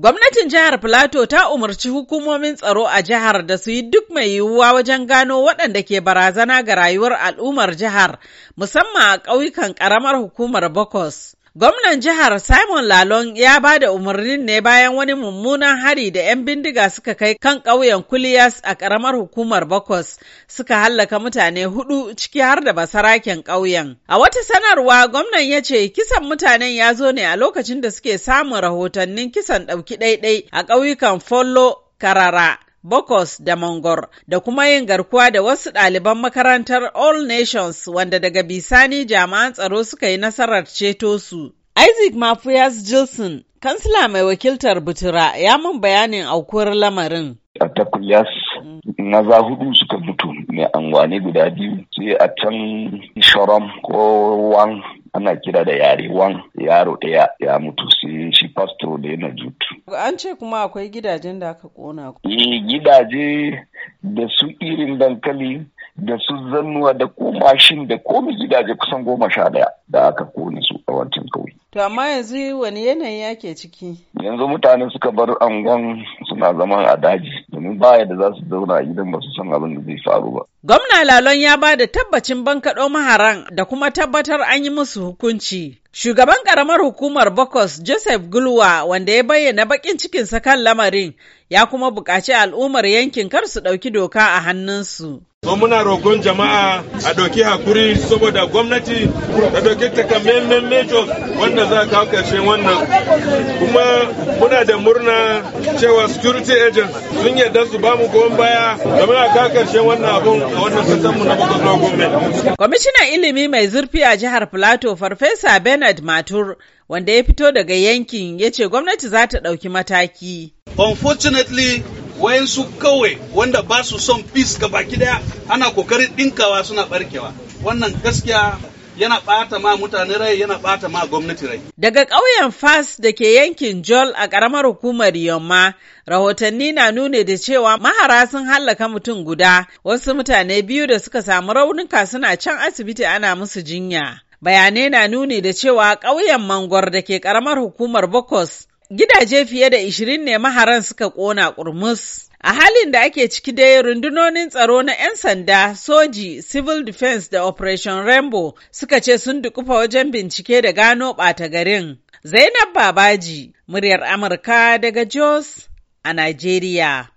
Gwamnatin jihar Filato ta umarci hukumomin tsaro a jihar da su yi duk mai yiwuwa wajen gano waɗanda ke barazana ga rayuwar al'ummar jihar, musamman a ƙauyukan ƙaramar hukumar Bokos. Gwamnan jihar Simon Lalon ya ba da umarnin ne bayan wani mummunan hari da 'yan bindiga suka kai kan ƙauyen Kuliyas a ƙaramar hukumar Bakwas suka hallaka mutane hudu ciki har da basaraken ƙauyen. A wata sanarwa gwamnan ya ce kisan mutanen ya zo ne a lokacin da suke samun rahotannin kisan ɗauki ɗaiɗai a ƙauyukan Follo, Karara Bokos da Mongor da kuma yin garkuwa da wasu ɗaliban makarantar All Nations wanda daga bisani jami'an tsaro suka yi nasarar ceto su. Isaac Mafuyas Gilson, kansila mai wakiltar Butura, ya mun bayanin aukuwar lamarin. A na mm. maza hudu suka mutu mai angwani guda biyu sai a can Shoram ko Wang ana kira da yare wan yaro ɗaya ya mutu sai shi pastor da yana jutu. An ce kuma akwai gidajen da aka kona. Eh gidaje da su irin dankali da su zannuwa da ko da komi gidaje kusan goma sha daya da aka kone su a wancan kauye. To amma yanzu wani yanayi yake ciki? Yanzu mutane suka bar angon suna zaman a daji domin ba yadda za su zauna a gidan ba su san abin da zai faru ba. Gwamna Lalon ya ba da tabbacin bankaɗo maharan da kuma tabbatar an yi musu hukunci. Shugaban ƙaramar hukumar Bokos Joseph Gulwa wanda ya bayyana baƙin cikinsa kan lamarin ya kuma buƙaci al'ummar yankin kar su ɗauki doka a hannunsu. So muna rogon jama'a a ɗauki hakuri saboda gwamnati ta ɗauki takamaiman measures wanda za a kawo ƙarshen wannan kuma muna da murna cewa security agents sun yarda su bamu goyon baya da muna ka wannan abun a wannan sassanmu mu na bakwai gwamnati. Kwamishinan ilimi mai zurfi a jihar Plateau Farfesa Bernard Matur wanda ya fito daga yankin ya ce gwamnati za ta ɗauki mataki. Unfortunately, wayansu kawai wanda ba su son peace ga baki daya ana kokarin dinkawa suna barkewa wannan gaskiya yana ɓata ma mutane rai yana ɓata ma gwamnati rai. Daga ƙauyen Fas da ke yankin Jol a ƙaramar hukumar Yamma, rahotanni na nune da cewa mahara sun hallaka mutum guda, wasu mutane biyu da suka samu raunuka suna can asibiti ana musu jinya. Bayanai na nuni da cewa ƙauyen Mangwar da ke ƙaramar hukumar Bokos, gidaje fiye da ishirin ne maharan suka ƙona ƙurmus. A halin da ake ciki dai rundunonin tsaro na 'yan sanda, soji, civil defense da Operation Rainbow suka ce sun dukufa wajen bincike da gano ɓata garin. Zainab Babaji, muryar Amurka daga Jos a Najeriya.